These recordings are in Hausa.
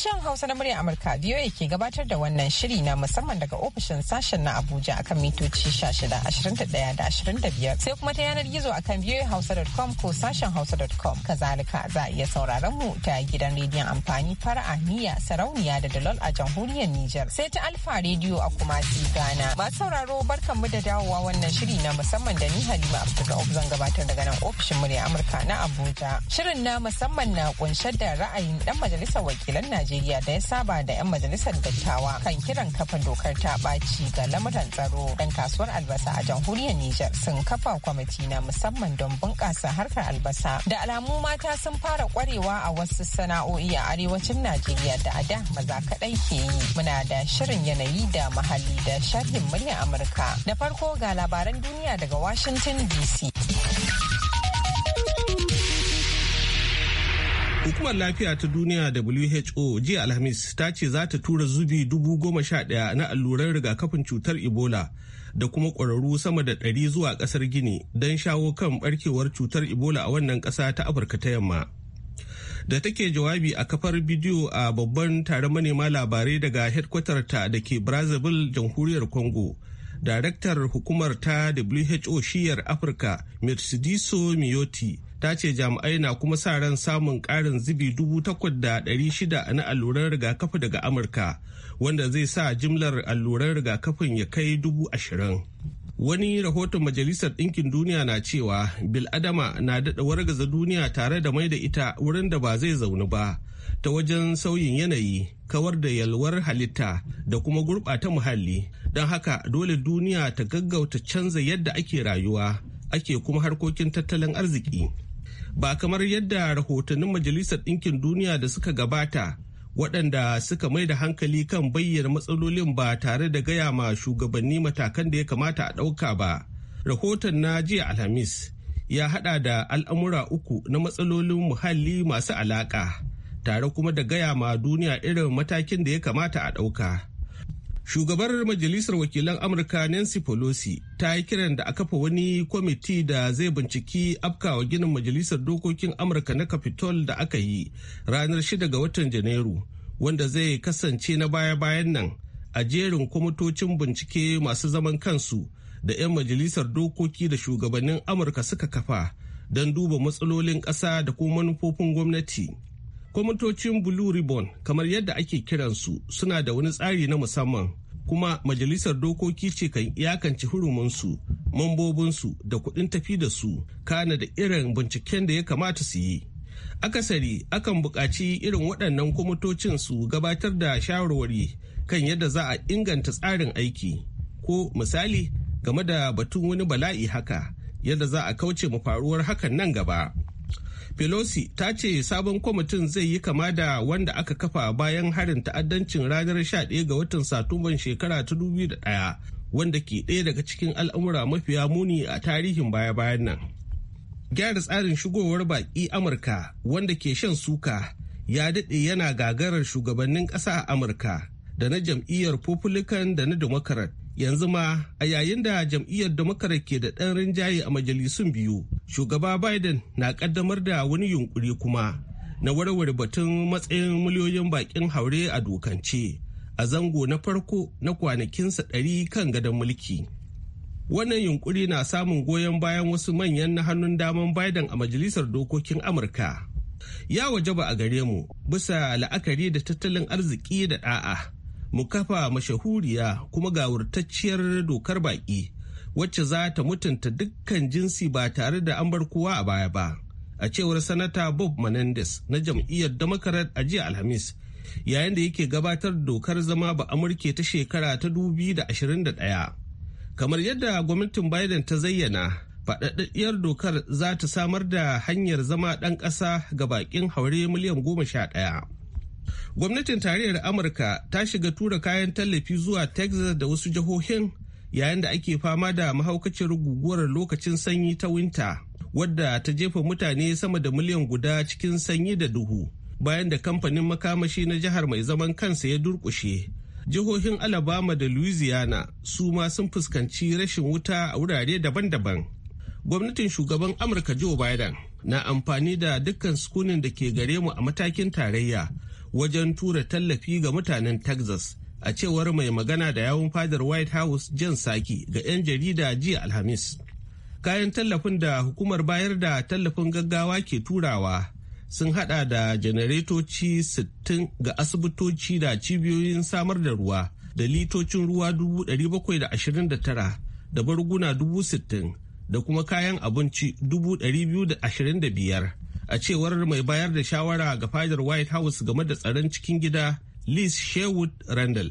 Sashen Hausa na muryar Amurka VOA ke gabatar da wannan shiri na musamman daga ofishin sashen na Abuja akan mitoci 16, da 25 sai kuma ta yanar gizo akan voahausa.com ko sashen hausa.com. Kazalika za a iya sauraron mu ta gidan rediyon amfani fara'a niyya sarauniya da dalol a jamhuriyar Nijar. Sai ta Alfa rediyo a kuma Ghana. Masu sauraro barkan mu da dawowa wannan shiri na musamman da ni Halima Abdulrauf zan gabatar daga nan ofishin muryar Amurka na Abuja. Shirin na musamman na kunshe da ra'ayin dan majalisar wakilan Najeriya Najeriya da ya saba da 'yan majalisar dattawa kan kiran kafa dokar ta ɓaci ga lamuran tsaro dan kasuwar albasa a jamhuriyar Nijar sun kafa kwamiti na musamman don bunƙasa harkar albasa. Da alamu mata sun fara kwarewa a wasu sana'o'i a arewacin Najeriya da a da maza kaɗai ke yi. Muna da shirin yanayi da muhalli da sharhin murya Amurka. Da farko ga labaran duniya daga Washington DC. Hukumar lafiya ta duniya WHO jiya Alhamis ta ce za ta tura zubi dubu goma sha ɗaya na allurar rigakafin cutar Ebola da kuma ƙwararru sama da ɗari zuwa ƙasar Gini don shawo kan ɓarkewar cutar Ebola a wannan ƙasa ta Afirka ta Yamma. Da take jawabi a kafar bidiyo a babban taron manema labarai daga ta da ke Brazzaville jamhuriyar Congo. Daraktar hukumar ta WHO shiyar Afirka, Mercedes Miyoti, ta ce jami'ai na kuma sa ran samun ƙarin zubi dubu takwas da ɗari shida na alluran rigakafi daga amurka wanda zai sa jimlar alluran rigakafin ya kai dubu ashirin wani rahoton majalisar ɗinkin duniya na cewa biladama na daɗa wargaza duniya tare da mai da ita wurin da ba zai zaune ba ta wajen sauyin yanayi kawar da yalwar halitta da kuma gurɓata muhalli don haka dole duniya ta gaggauta canza yadda ake rayuwa ake kuma harkokin tattalin arziki ba kamar yadda rahotannin majalisar ɗinkin duniya da suka gabata waɗanda suka mai da hankali kan bayyana matsalolin ba tare da gaya ma shugabanni matakan da ya kamata a ɗauka ba rahoton na jiya alhamis ya haɗa da al'amura uku na matsalolin muhalli masu alaƙa tare kuma da gaya ma duniya irin matakin da ya kamata a ɗauka Shugabar Majalisar Wakilan Amurka Nancy Pelosi ta yi kiran da a kafa wani kwamiti da zai binciki afkawa ginin Majalisar Dokokin Amurka na Capitol da aka yi ranar 6 ga watan Janairu, wanda zai kasance na baya-bayan nan a jerin kwamitocin bincike masu zaman kansu da 'yan Majalisar Dokoki da shugabannin Amurka suka kafa don duba matsalolin ƙasa da kuma manufofin gwamnati. kwamitocin blue ribbon kamar yadda ake kiransu suna da wani tsari na musamman kuma majalisar dokoki ce kan iyakance hurumunsu mambobinsu da kuɗin tafi da su kana da irin binciken da ya kamata su yi akasari akan buƙaci irin waɗannan kwamitocin su gabatar da shawarwari kan yadda za a inganta tsarin aiki ko misali game da batun wani bala'i haka yadda za a kauce mu faruwar hakan nan gaba Pelosi ta ce sabon kwamitin zai yi kama da wanda aka kafa bayan harin ta'addancin ranar 11 ga watan Satumban shekara ta 2001 wanda ke ɗaya daga cikin al'amura mafiya muni a tarihin baya-bayan nan. Gyara tsarin shigowar baƙi Amurka wanda ke shan suka ya daɗe yana gagarar shugabannin ƙasa a Amurka da na jam'iyyar Republican da na Democrat yanzu ma a yayin da jam'iyyar democrat ke da ɗan rinjaye a majalisun biyu shugaba biden na ƙaddamar da wani yunkuri kuma na warware batun matsayin miliyoyin baƙin haure a dokance a zango na farko na kwanakinsa ɗari kan gadon mulki wannan yunkuri na samun goyon bayan wasu manyan na hannun daman biden a majalisar dokokin amurka ya waje ba a gare mu bisa la'akari da tattalin arziki da ɗa'a mu kafa mashahuriya kuma gawurtacciyar dokar baƙi wacce za ta mutunta dukkan jinsi ba tare da an bar kowa a baya ba a cewar sanata bob menendez na jam'iyyar democrat a jiya alhamis yayin da yake gabatar da dokar zama ba amurke ta shekara ta da 2021 kamar yadda gwamnatin biden ta zayyana faɗaɗɗiyar dokar za ta samar da hanyar zama ɗan ƙasa ga baƙin haure miliyan goma sha ɗaya gwamnatin tarayyar amurka ta shiga tura kayan tallafi zuwa texas da wasu jihohin yayin da ake fama da mahaukacin guguwar lokacin sanyi ta winta wadda ta jefa mutane sama da miliyan guda cikin sanyi da duhu bayan da kamfanin makamashi na jihar mai zaman kansa ya durkushe jihohin alabama da louisiana su ma sun fuskanci rashin wuta a wurare daban-daban gwamnatin shugaban amurka joe biden na amfani da dukkan sukunin da ke gare mu a matakin tarayya wajen tura tallafi ga mutanen Texas a cewar mai magana da yawun fadar White House Jan Saki ga 'yan jarida jiya Alhamis. Kayan tallafin da hukumar bayar da tallafin gaggawa ke turawa sun hada da janaretoci 60 ga asibitoci da cibiyoyin samar da ruwa da litocin ruwa 729 da barguna 60 da kuma kayan abinci 225 a cewar mai bayar da shawara ga fadar white house game da tsaron cikin gida liz shewood randall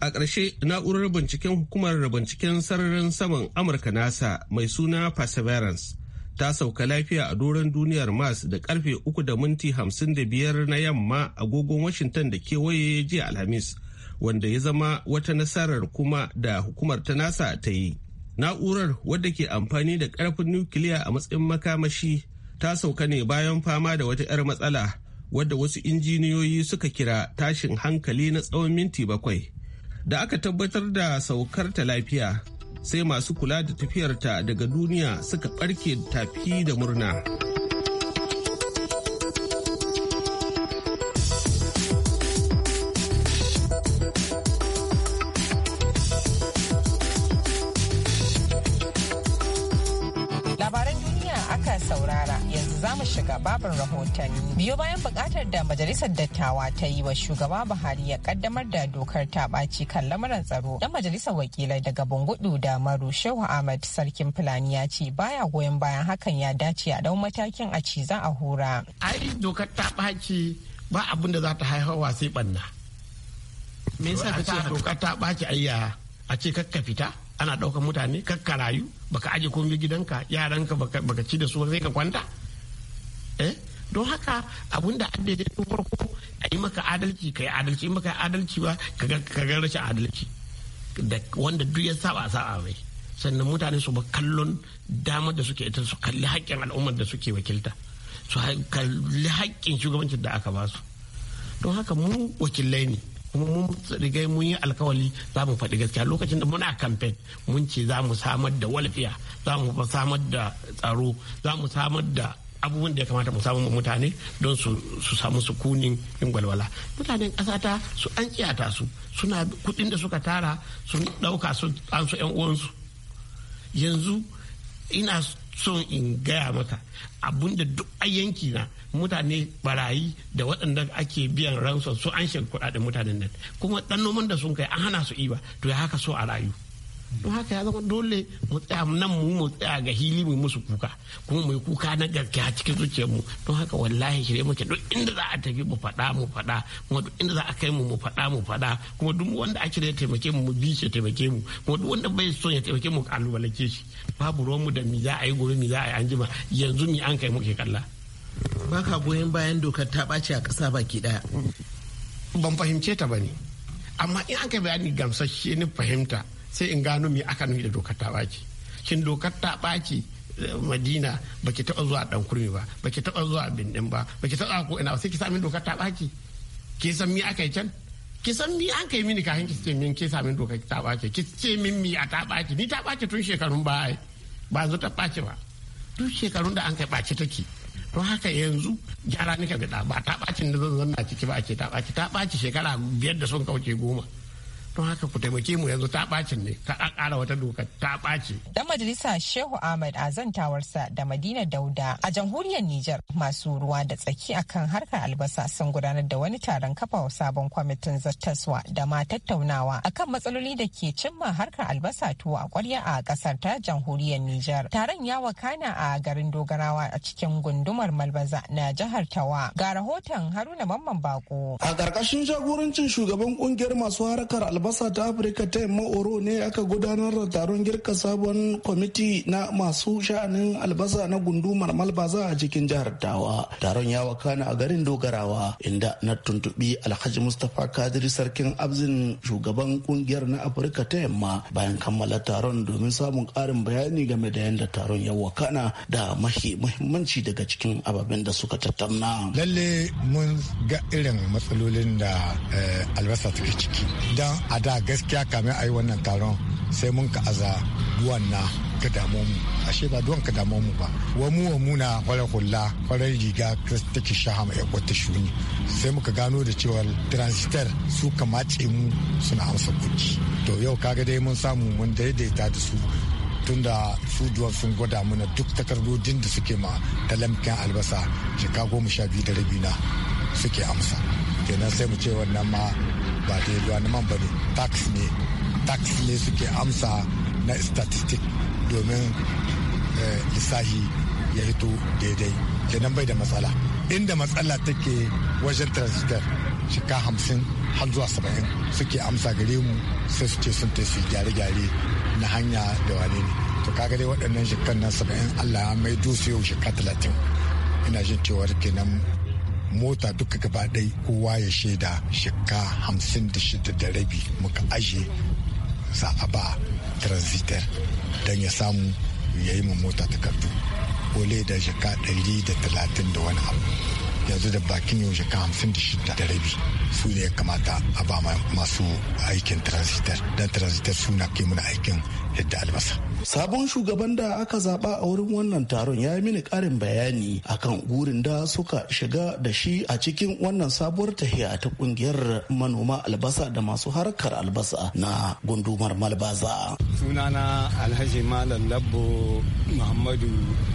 a ƙarshe na'urar binciken hukumar binciken sararin saman amurka nasa mai suna perseverance ta sauka lafiya a doron duniyar mars da karfe 3 da minti 55 na yamma agogon washington da kewaye jiya alhamis wanda ya zama wata nasarar kuma da hukumar ta nasa ta yi na'urar wadda ke amfani da karfin nukiliya a matsayin makamashi ta sauka ne bayan fama da wata 'yar matsala wadda wasu injiniyoyi suka kira tashin hankali na tsawon minti bakwai. Da aka tabbatar da saukar ta lafiya sai masu kula da tafiyarta daga duniya suka ɓarke tafi da murna. ka saurara yanzu za mu shiga babin rahotanni. Biyo bayan bukatar da majalisar dattawa ta yi wa shugaba Buhari ya kaddamar da dokar ta kan lamuran tsaro. Dan majalisar wakilai daga Bungudu da Maru Shehu Ahmad Sarkin Fulani ya ce baya goyon bayan hakan ya dace a dau matakin a ciza a hura. Ai dokar ta ba abin da za ta haihawa sai ɓanna. Me yasa ka ce dokar ta ɓaci ayya a ce kakka fita? ana ɗaukar mutane kakka rayu baka aje komai gidanka yaranka baka ci da su sai ka kwanta eh don haka abun da an daidaito farko a yi maka adalci ka yi adalci in baka adalci ba ka ga rashin adalci da wanda duk ya saba saba mai sannan mutane su ba kallon damar da suke ita su kalli haƙƙin al'ummar da suke wakilta su kalli haƙƙin shugabancin da aka ba su don haka mu wakilai ne kuma mun riga mun yi alkawali za mu faɗi gaskiya lokacin da muna kamfen mun ce za mu samar da walfiya za mu samar da tsaro za mu samar da abubuwan da ya kamata mu samu mutane don su samu sukunin yin walwala mutanen ƙasa ta su an kiyata su suna kuɗin da suka tara su ɗauka su an su yan uwansu yanzu ina son in gaya maka abun da duk a yanki na mutane barayi da waɗanda ake biyan ransu su an shi kuɗaɗen mutanen nan kuma ɗan noman da sun kai an hana su iba to ya haka so a rayu don haka ya zama dole mu tsaya nan mu mu tsaya ga hili mu musu kuka kuma mu kuka na gaske a cikin zuciyar mu don haka wallahi shirye muke duk inda za a tafi mu faɗa mu faɗa kuma duk inda za a kai mu mu faɗa mu faɗa kuma duk wanda ake da taimake mu mu bi shi taimake mu kuma duk wanda bai son ya taimake mu kalubalake shi babu ruwan mu da mi za a yi gobe mi za a yi anjima yanzu mi an kai muke kalla ba ka goyon bayan dokar ta ɓace a ƙasa baki ɗaya ban fahimce ta ba ne amma in aka bayani gamsashe ni fahimta sai in gano me aka nufi da dokar ta ɓace shin dokar ta ɓace eh, madina baki taɓa zuwa ɗan kurmi ba baki taɓa zuwa bindin ba baki taɓa ko ina ba sai ki sami dokar ta ɓace ke san me aka yi can ki san mi an kai mini kafin ki ce min ki sami dokar ta ɓace ki ce min mi a ta ɓace ni ta ɓace tun shekarun ba ba zo ta ɓace ba duk shekarun da an kai ɓace take to haka yanzu gyara nika ga ba ta bacin da zan zanna ciki ba ake ta baci ta baci shekara biyar da sun kauce goma don haka ku taimake mu yanzu ta ɓacin ne ka ƙara wata doka ta ɓaci. Dan majalisa Shehu Ahmed a zantawarsa da Madina Dauda a jamhuriyar Nijar masu ruwa da tsaki akan harkar albasa sun gudanar da wani taron kafa sabon kwamitin zattaswa da ma tattaunawa akan matsaloli da ke cimma harkar albasa tuwo a ƙwarya a ƙasar ta jamhuriyar Nijar. Taron ya wakana a garin Dogarawa a cikin gundumar Malbaza na jihar Tawa. Ga rahoton Haruna Mamman Bako. A ƙarƙashin jagorancin shugaban ƙungiyar masu harkar albasa albasa ta afirka ta yamma oro ne aka gudanar da taron girka sabon kwamiti na masu sha'anin albasa na gundumar malbaza a cikin jihar dawa taron ya wakana a garin dogarawa inda na tuntubi alhaji mustapha kadiri sarkin abzin shugaban kungiyar na afirka ta yamma bayan kammala taron domin samun karin bayani game da yadda taron ya wakana da mahi muhimmanci daga cikin ababen da suka tattauna lalle mun ga irin matsalolin da eh, albasa take ciki don a da gaskiya kamin a yi wannan taron sai mun ka aza duwan na ka damu mu ashe ba duwan ka damu mu ba wa mu wa mu na kwarar hula kwarar riga take shahama ya ta shuni sai muka gano da cewa transistor su kamace mu suna amsa kuɗi to yau kaga dai mun samu mun daidaita da su tunda su duwan sun gwada mana duk takardodin da suke ma talamkin albasa shekaru goma sha biyu da rabi na suke amsa kenan sai mu ce wannan ma ba ta duwaneman ba ne tax ne tax ne suke amsa na statistic domin eh, lissahi ya hito daidai kenan bai da matsala inda matsala take wajen transistor shika hamsin har zuwa saba'in suke amsa gare mu sai suke sun ta su gyare-gyare na hanya da wane ne to kaga dai waɗannan shekan na saba'in allah ya mai dusu yau shika talatin ina jin cewar kenan mota duka gaba ɗai kowa ya shaida shika hamsin da shida da rabi muka aje za a ba transitor don ya samu ya yi mota takardu ole da shika ɗari da talatin da wani abu yanzu da bakin yau shika hamsin da shida da rabi su ne kamata a ba masu aikin transitar don transitar suna ke muna aikin yadda albasa sabon shugaban da aka zaba a wurin wannan taron ya yi mini karin bayani akan gurin da suka shiga da shi a cikin wannan sabuwar tahiya ta kungiyar manoma albasa da masu harkar albasa na gundumar malbaza sunana alhaji malam labo muhammadu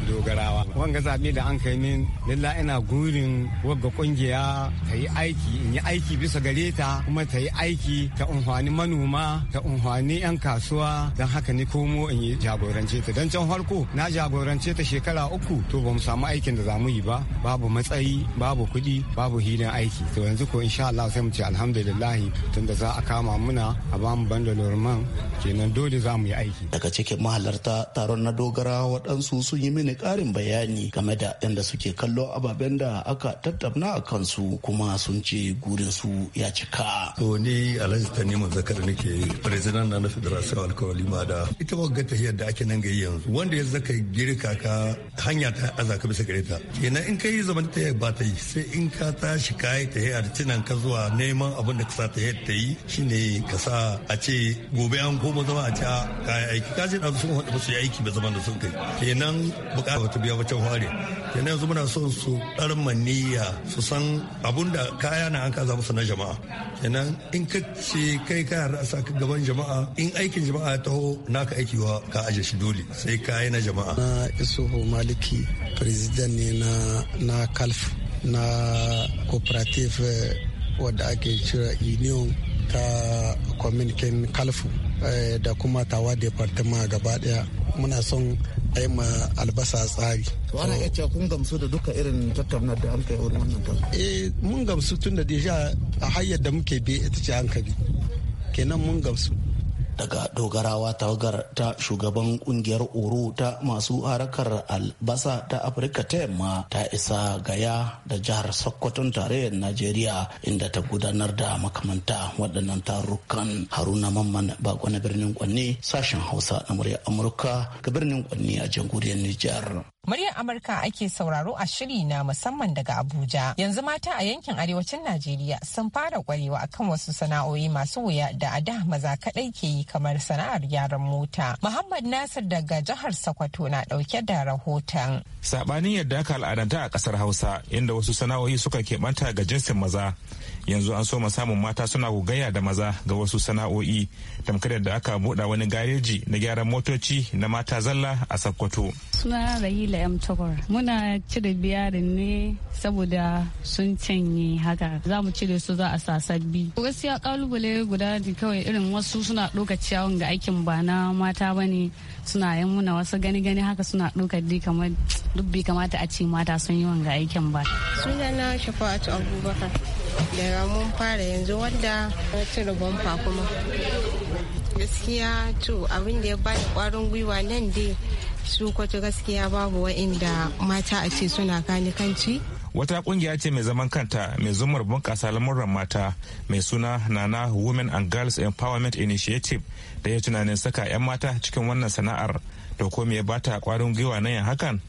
dogarawa wanga zabe da an kai min lalla ina gurin wagga kungiya ta yi aiki in yi aiki aiki bisa gare ta kuma ta yi aiki ta unhwani manoma ta unhwani 'yan kasuwa don haka ni komo in yi jagorance ta don can farko na jagorance ta shekara uku to ba mu samu aikin da za mu yi ba babu matsayi babu kuɗi babu hilin aiki to yanzu ko insha Allah sai mu ce alhamdulillah tunda za a kama muna a ba mu banda lorman kenan dole za mu yi aiki daga cikin mahalarta taron na dogara waɗansu sun yi mini ƙarin bayani game da yadda suke kallo ababen da aka tattauna a kansu kuma sun ce gurin su ya cika. To ni Alhaji Tanimu Zakar nake president na na Federation Alkawali da. Ita wagga tahiyar da ake nan ga yanzu wanda ya zaka girka ka hanya ta aza ka bisa gareta. Ina in kai zaman ta ba ta yi sai in ka tashi ka yi tahiyar tunan ka zuwa neman abin da ka sa tahiyar ta yi shine kasa. sa a ce gobe an koma zama a ca ka yi aiki. Ka ce da sun haɗa ba su yi aiki ba zaman da sun kai. Kenan bukatar ta biya wacce hware. yana yanzu muna son su ɗarma maniyya su san abun da kaya na an kaza musu na jama'a kenan in ka ce kai ka yarda a gaban jama'a in aikin jama'a ya taho naka aiki wa ka aje shi dole sai kayi na jama'a na isuhu maliki president ne na na kalf na cooperative eh, wadda ake cira union ta communiquin kalfu eh, da kuma tawa departement gaba daya muna son ai ma albasa tsari. To ana iya cewa kun gamsu da duka irin tattaunar da an kai wurin wannan kan. Eh mun gamsu tun da deja a hayar da muke bi ita ce hankali. Kenan mun gamsu. daga dogarawa tawagar ta shugaban kungiyar oro ta masu harakar albasa ta afirka ta yamma ta isa gaya da jihar sokoton tarayyar najeriya inda ta gudanar da makamanta waɗannan tarukan haruna mamman bako na birnin kwanne sashen hausa na murya amurka ga birnin kwanne a jamhuriyar nijar Muryar Amurka ake sauraro a shiri na musamman daga Abuja. Yanzu mata a yankin arewacin Najeriya sun fara kwarewa akan wasu sana'o'i masu wuya da a da maza kaɗai ke yi kamar sana'ar gyaran mota. Muhammad Nasir daga jihar Sokoto na ɗauke da rahoton. Sabanin yadda aka al'adanta a ƙasar Hausa inda wasu sana'o'i suka keɓanta ga jinsin maza. yanzu an soma samun mata suna gogayya da maza ga wasu sana'o'i tamkar da aka buɗa wani gareji na gyaran motoci na mata zalla a sakkwato suna rahila yam tokor muna cire biyarin ne saboda sun canye haka za mu cire su za a sa sabbi gaskiya kalubale guda ne kawai irin wasu suna ɗaukar ciyawan ga aikin ba na mata ba ne suna yin muna wasu gani gani haka suna ɗaukar di kamar dubbi kamata a ce mata sun yi wanga aikin ba sunana shafa'atu abubakar daga mun fara yanzu wadda cire gwamfa kuma gaskiya to abin da ya bada kwarin gwiwa nan dai su kwato gaskiya babu wa'inda mata a ce suna kanikanci wata kungiya ce mai zaman kanta mai zumar bunƙasa lamuran mata mai suna nana women and girls empowerment initiative da ya tunanin saka 'yan mata cikin wannan sana'ar da ko me ya bata kwarin gwiwa na yin hakan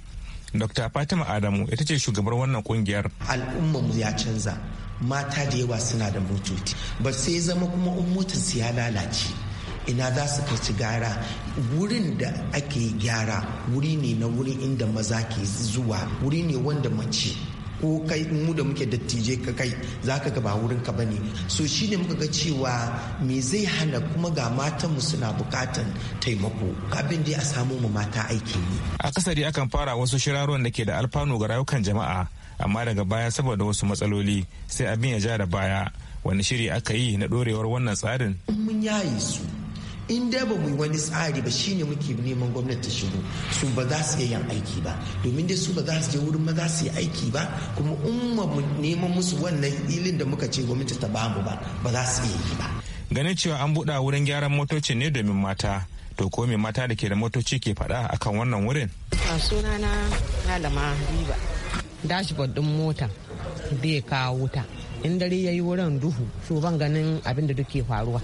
dr fatima adamu ita ce shugabar wannan kungiyar al'ummar ya canza mata da yawa suna da motoci ba sai zama kuma in motar su ya lalace ina za su kai gara wurin da ake gyara wuri ne na wuri inda maza ke zuwa wuri ne wanda mace ko kai mu da muke dattijai ka kai za ka ba wurin ka bane so shi ne muka ga cewa me zai hana kuma ga matan mu suna bukatan taimako abin da a samu mu mata aiki ne kasari akan fara wasu shiraruwan da ke da alfanu ga rayukan jama'a amma daga baya saboda wasu matsaloli sai abin ya ja da baya wani shiri aka yi na dorewar wannan tsarin mun yayi su in dai ba mu yi wani tsari ba shine muke neman gwamnati ta shigo su ba za su yin aiki ba domin dai su ba za su je wurin ba za su yi aiki ba kuma in mu neman musu wannan ilin da muka ce gwamnati ta bamu ba ba za su yi ba ganin cewa an buɗa wurin gyaran motocin ne domin mata to ko me mata da ke da motoci ke faɗa akan wannan wurin a sunana malama riba dashboard din mota bai kawo wuta in dare ya yi wurin duhu so ban ganin abin da duke faruwa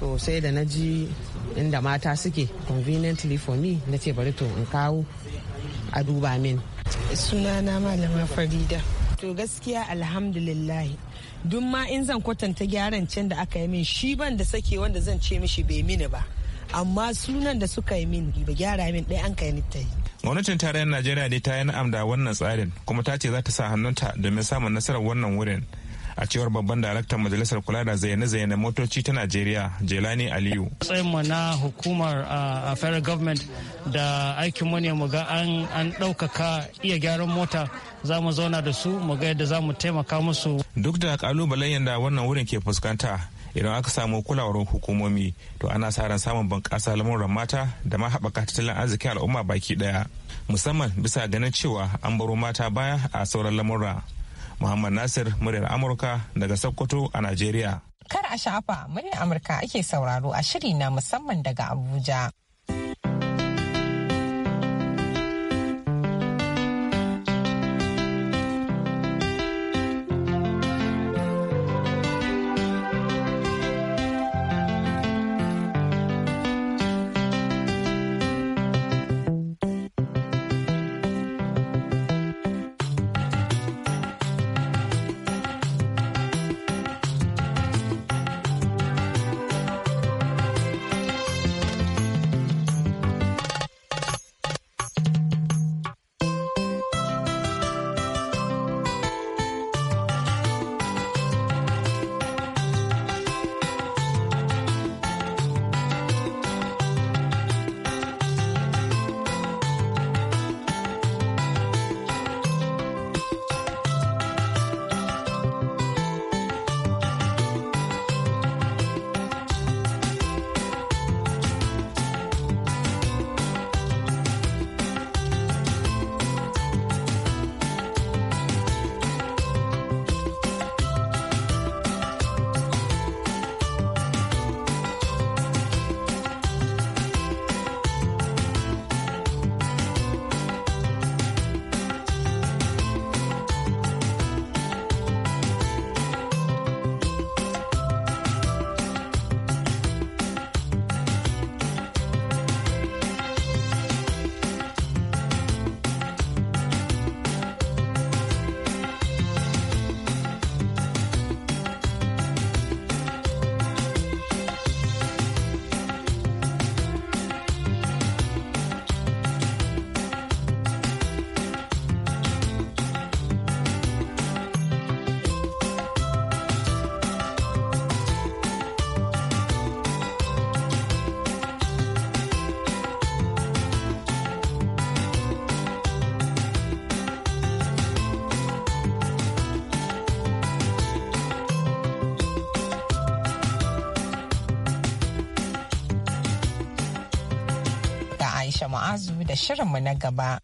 to sai da na ji inda mata suke conveniently for na ce bari to in kawo a duba min sunana malama farida to gaskiya alhamdulillah duk ma in zan kwatanta gyaran can da aka yi min shi ban da sake wanda zan ce mishi bai mini ba amma sunan da suka yi min ba gyara min ɗaya an kai ni ta yi gwamnatin tarayyar najeriya ne ta yi na'am da wannan tsarin kuma ta ce za ta sa hannunta domin samun nasarar wannan wurin a cewar babban daraktan majalisar kula da zayyane-zayyane motoci ta najeriya jelani aliyu mu na hukumar a federal government da aikin mu ne mu ga an ɗaukaka iya gyaran mota za mu zauna da su mu ga yadda za mu taimaka musu duk da kalubalen yadda wannan wurin ke fuskanta idan aka samu kulawar hukumomi to ana sa ran samun bunƙasa lamuran mata da ma haɓaka tattalin arzikin al'umma baki ɗaya musamman bisa ganin cewa an baro mata baya a sauran lamura muhammad nasir muryar amurka daga sokoto a najeriya kar a sha'afa muryar amurka ake sauraro a shiri na musamman daga abuja Mu'azu da shirinmu na gaba.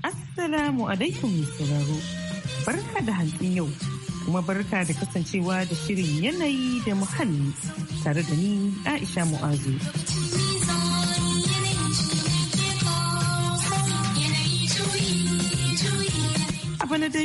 Assalamu alaikum sauraro. Barka da hantsin yau kuma barka da kasancewa da shirin yanayi da muhalli tare da ni Aisha Mu'azu.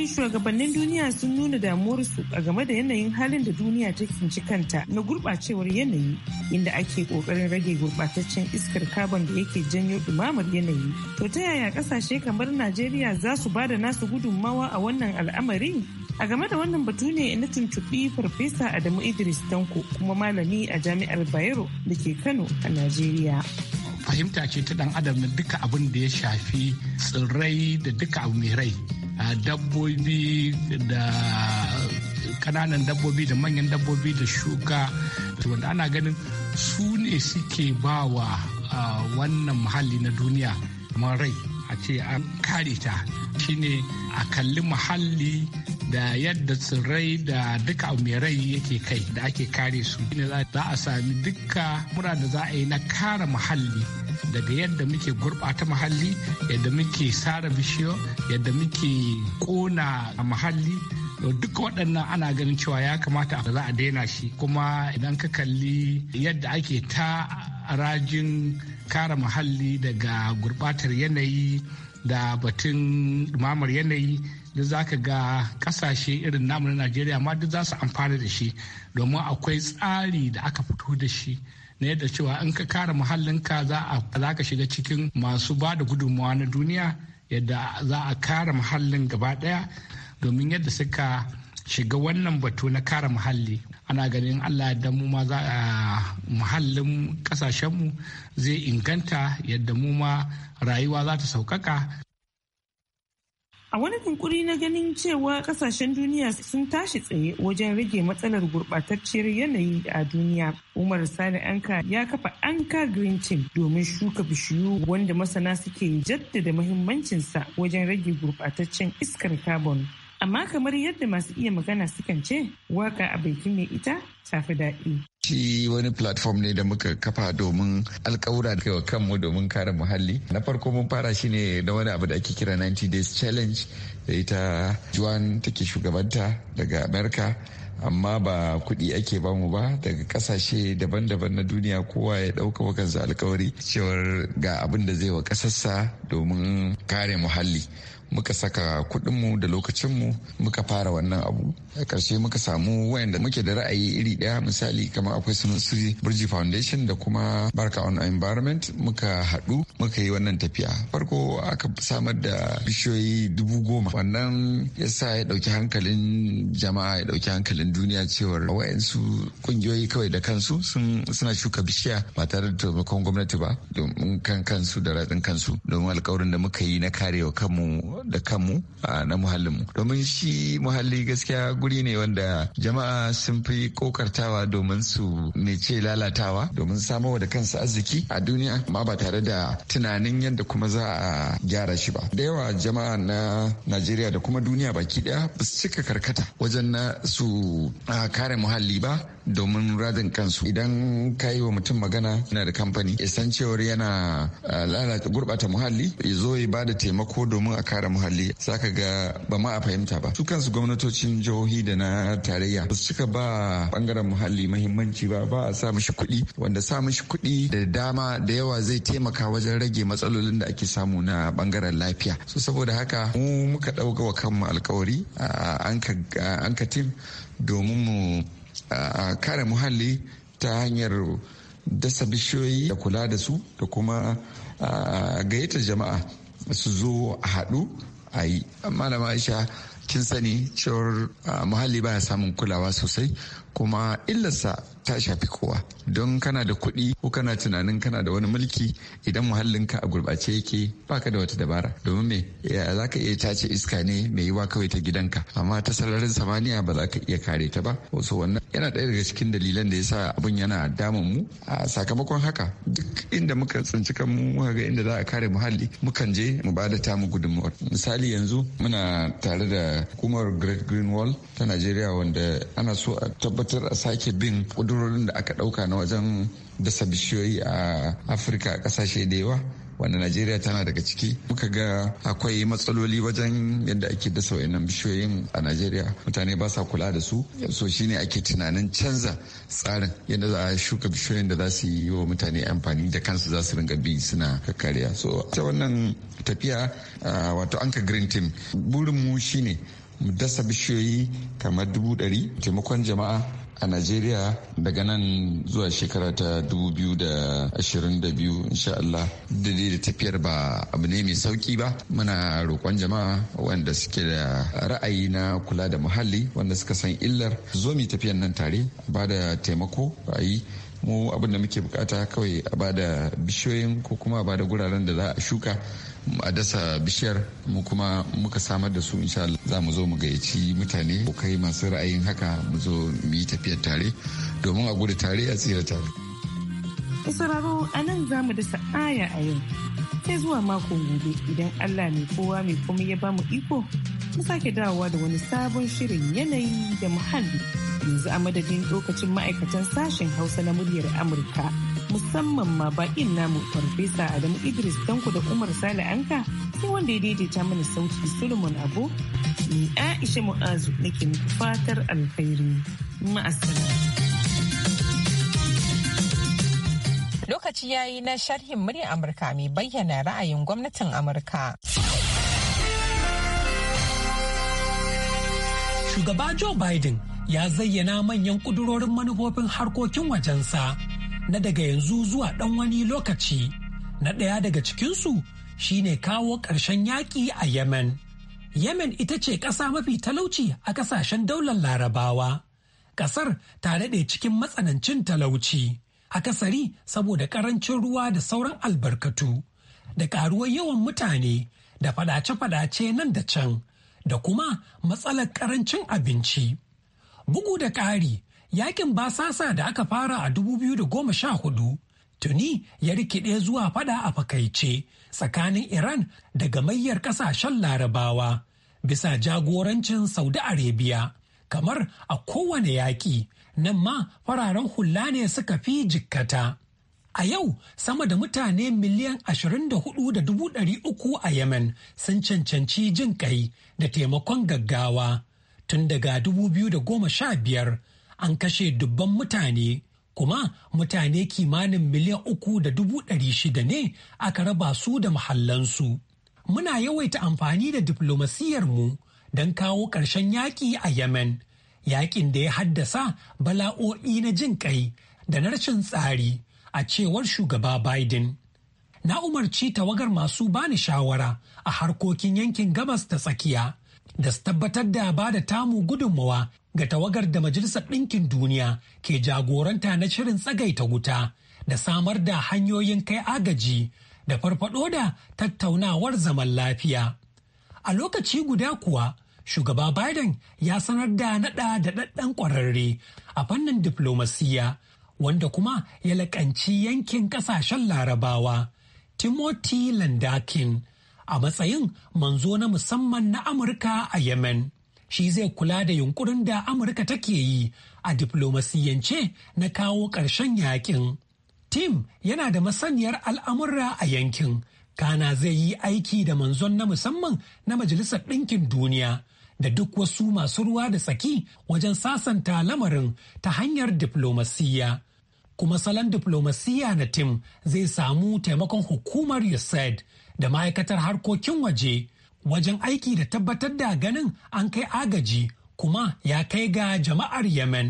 dai shugabannin duniya sun nuna damuwarsu a game da yanayin halin da duniya ta kinci kanta na gurɓacewar yanayi inda ake ƙoƙarin rage gurɓataccen iskar carbon da yake janyo ɗumamar yanayi. To ta yaya ƙasashe kamar Najeriya za su ba da nasu gudunmawa a wannan al'amari? A game da wannan batu ne na tuntuɓi Farfesa Adamu Idris Tanko kuma malami a Jami'ar Bayero da ke Kano a Najeriya. Fahimta ce ta ɗan adam na duka abin da ya shafi tsirrai da duka abu mai rai. dabbobi da kananan dabbobi da manyan dabbobi da shuka wanda ana ganin su ne suke ba wa wannan muhalli na duniya kamar rai a ce an kare ta shine a kalli muhalli da yadda tsirrai da duka mai rai yake kai da ake kare su ne za a sami duka mura da za a yi na kare muhalli daga yadda muke gurɓata muhalli yadda muke sara bishiyo yadda muke ƙona muhalli duka waɗannan ana ganin cewa ya kamata za a daina shi kuma idan ka kalli yadda ake ta rajin kare muhalli daga gurɓatar yanayi da batun ɗumamar yanayi da za ka ga ƙasashe irin namu na najeriya ma duk za su amfana da shi domin akwai tsari da aka fito da shi na yadda cewa in ka kare muhallinka za ka shiga cikin masu ba da gudunmawa na duniya yadda za a kare muhallin gaba daya domin yadda suka shiga wannan batu na kare muhalli ana ganin allah da mu ma za a muhallin kasashenmu zai inganta yadda mu ma rayuwa za ta sauƙaƙa A wani yunkuri na ganin cewa kasashen duniya sun tashi tsaye wajen rage matsalar gurɓatacciyar yanayi a duniya. Umar Sani Anka ya kafa Anka Green Team domin shuka bishiyu wanda masana suke jaddada mahimmancinsa wajen rage gurɓataccen iskar carbon. Amma kamar yadda masu iya magana sukan ce, waka a bakin mai ita tafi daɗi. shi wani platform ne da muka kafa domin alkawura da kaiwa kanmu domin kare muhalli na farko mun fara shi ne da wani abu da ake kira 90 days challenge da ita juan take shugabanta daga america amma ba kuɗi ake bamu ba daga ƙasashe daban-daban na duniya kowa ya ɗauka wa kansa alkawari cewar ga abin da zai wa ƙasarsa domin kare muhalli muka saka mu da lokacinmu muka fara wannan abu a ƙarshe muka samu wayanda muke da ra'ayi iri ɗaya misali kamar akwai sunusuri burji foundation da kuma barka on environment muka haɗu muka yi wannan tafiya farko aka samar da bishiyoyi dubu goma wannan ya sa ya ɗauki hankalin jama'a ya ɗauki hankalin duniya cewar wayansu ƙungiyoyi kawai da kansu suna shuka bishiya ba tare da taimakon gwamnati ba domin kan kansu da ratsin kansu domin alkawarin da muka yi na karewa kanmu da kanmu na muhallinmu domin shi muhalli gaskiya guri ne wanda jama'a sun fi kokartawa domin su mece lalatawa domin samarwa da kansu arziki a duniya amma ba tare da tunanin yadda kuma za a gyara shi ba da yawa jama'a na najeriya da kuma duniya baki daya ba su cika karkata wajen na su kare muhalli ba domin radin kansu idan ka yi wa mutum magana yana da kamfani ya san cewar yana ah, lalata gurbata muhalli ya zo ya ba da taimako domin a kare muhalli saka ga ba ma a fahimta ba su kansu gwamnatocin jihohi da na tarayya ba su cika ba bangaren muhalli mahimmanci ba ba a sa mishi kuɗi wanda sa mishi kuɗi da dama da yawa zai taimaka wajen rage matsalolin da ake samu na bangaren lafiya so saboda haka mu muka ɗauka wa kanmu alkawari an ka tim domin mu a kare muhalli ta hanyar dasa bishiyoyi da kula da su da kuma gayyatar jama'a su zo a haɗu a yi malama aisha kin sani cewar muhalli baya samun kulawa sosai kuma illarsa ta shafi kowa don kana da kuɗi ko kana tunanin kana da wani mulki idan muhallinka a gurɓace yake baka da wata dabara domin me za ka iya tace iska ne mai yiwa kawai ta gidanka amma ta sararin samaniya ba za ka iya kare ta ba wasu wannan yana ɗaya daga cikin dalilan da ya sa abun yana damun mu a sakamakon haka duk inda muka tsinci kanmu muka ga inda za a kare muhalli mukan je mu ba da tamu gudunmuwar misali yanzu muna tare da hukumar great green wall ta najeriya wanda ana so a tabbatar tabbatar a sake bin kudurorin da aka dauka na wajen dasa bishiyoyi a afirka kasashe da yawa wanda najeriya tana daga ciki muka ga akwai matsaloli wajen yadda ake dasa wayannan bishiyoyin a najeriya mutane ba sa kula da su so shine ake tunanin canza tsarin yadda za a shuka bishiyoyin da za su yi wa mutane amfani da kansu za su ringa bi suna kakkarya so ta wannan tafiya wato anka green team burin mu shine mu dasa bishiyoyi kamar dubu ɗari taimakon jama'a a Najeriya daga nan zuwa shekara ta 2022 insha Allah da da tafiyar ba abu ne mai sauki ba muna roƙon jama'a wanda suke da ra'ayi na kula da muhalli wanda suka san illar zo mu tafiyar nan tare ba da taimako yi mu abin da muke bukata kawai a bada bishiyoyin ko kuma a bada guraren da za a shuka a dasa bishiyar mu kuma muka samar da su insha Allah za mu zo mu gayyaci mutane ko kai masu ra'ayin haka mu zo mu yi tafiyar tare domin a gudu tare a tsira tare. Sauraro a nan za mu dasa aya a yau sai zuwa makon gobe idan Allah mai kowa mai kuma ya bamu iko mu sake dawowa da wani sabon shirin yanayi da muhalli yanzu a madadin lokacin ma'aikatan sashen hausa na muryar Amurka. musamman ma bakin namu farfesa Adamu Idris Danko da Umar Sale Anka sai wanda ya daidaita mana sauti Solomon Abu ni Aisha Mu'azu nake muku fatar alfairi Lokaci ya yi na sharhin murya Amurka mai bayyana ra'ayin gwamnatin Amurka. Shugaba Joe Biden ya zayyana manyan kudurorin manufofin harkokin wajensa na daga yanzu zuwa ɗan wani lokaci na ɗaya daga cikinsu shine kawo ƙarshen yaƙi a yemen yemen ita ce ƙasa mafi talauci a ƙasashen daular larabawa ƙasar ta daɗe cikin matsanancin talauci akasari saboda ƙarancin ruwa da sauran albarkatu da ƙaruwar yawan mutane da faɗace-faɗace nan da can da kuma matsalar ƙarancin abinci bugu da ƙari Yakin basasa da aka fara a 2014 tuni ya rikide zuwa fada a fakaice tsakanin Iran da gamayyar kasashen larabawa bisa jagorancin Saudi Arabia kamar a kowane yaƙi nan ma fararen hula ne suka fi jikkata. A yau sama da mutane miliyan 24,300 a Yemen sun cancanci jin kai da taimakon gaggawa tun daga 2015 an kashe dubban mutane kuma mutane kimanin miliyan uku da dubu ɗari shida ne aka raba su da mahallansu. Muna yawaita amfani da diflomasiyarmu don kawo ƙarshen yaƙi a Yemen, yaƙin da ya haddasa bala'o'i na jin ƙai da na rashin tsari a cewar shugaba Biden. Na umarci tawagar masu bani shawara a harkokin yankin gabas ta tsakiya da su tabbatar da ba da tamu gudunmawa ga tawagar da Majalisar Ɗinkin Duniya ke jagoranta na shirin tsagaita wuta da samar da hanyoyin kai agaji da farfaɗo da tattaunawar zaman lafiya. A lokaci guda kuwa, shugaba Biden ya sanar da naɗa da ɗaɗɗan ƙwararre a fannin diflomasiyya wanda kuma ya laƙanci yankin ƙasashen larabawa, Timothy Landakin, a matsayin manzo na musamman na Amurka a Yemen. shi zai kula da yunkurin da Amurka take yi a diplomasiyance na kawo ƙarshen yakin. Tim yana da masaniyar al'amurra a yankin, kana zai yi aiki da manzon na musamman na Majalisar Ɗinkin Duniya da duk wasu masu ruwa da tsaki wajen sasanta lamarin ta hanyar diflomasiyya. Kuma salon diflomasiyya na Tim zai samu taimakon hukumar USAID da ma'aikatar harkokin waje. wajen aiki da tabbatar da ganin an kai agaji kuma ya kai ga jama'ar Yemen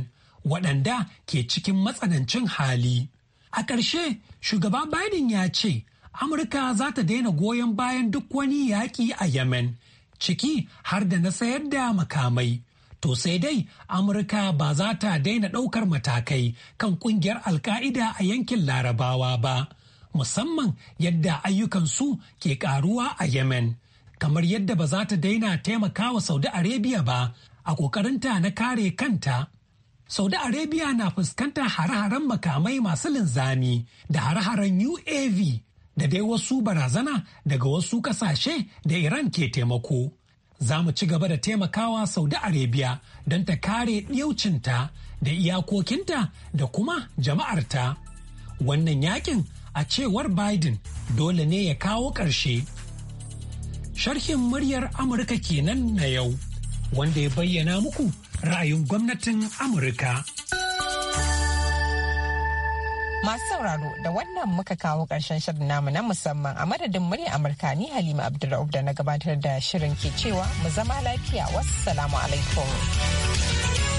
waɗanda ke cikin matsanancin hali. A ƙarshe, shugaba Biden ya ce, Amurka za ta daina goyon bayan duk wani yaƙi a Yemen, ciki har da na sayar da makamai. To sai dai Amurka ba za ta daina ɗaukar matakai kan ƙungiyar Alka'ida a yankin Larabawa ba, musamman yadda ayyukansu ke ƙaruwa a Yemen. kamar yadda ba za ta daina taimakawa Saudi Arabia ba a kokarinta na kare kanta. Saudi Arabia na fuskantar hare-haren makamai masu linzami da hare-haren UAV da dai wasu barazana daga wasu ƙasashe da Iran ke taimako. Za mu ci gaba da taimakawa Saudi Arabia don ta kare ɗiyaucinta da iyakokinta da kuma jama'arta. Wannan yakin a cewar Biden dole ne ya kawo ƙarshe. Sharhin muryar Amurka kenan na yau, wanda ya bayyana muku ra'ayin gwamnatin Amurka. Masu sauraro da wannan muka kawo ƙarshen shirin namu na musamman a madadin murya Amurka ni Halima Abdulra'ub, da na gabatar da shirin ke cewa mu zama lafiya wassalamu alaikum.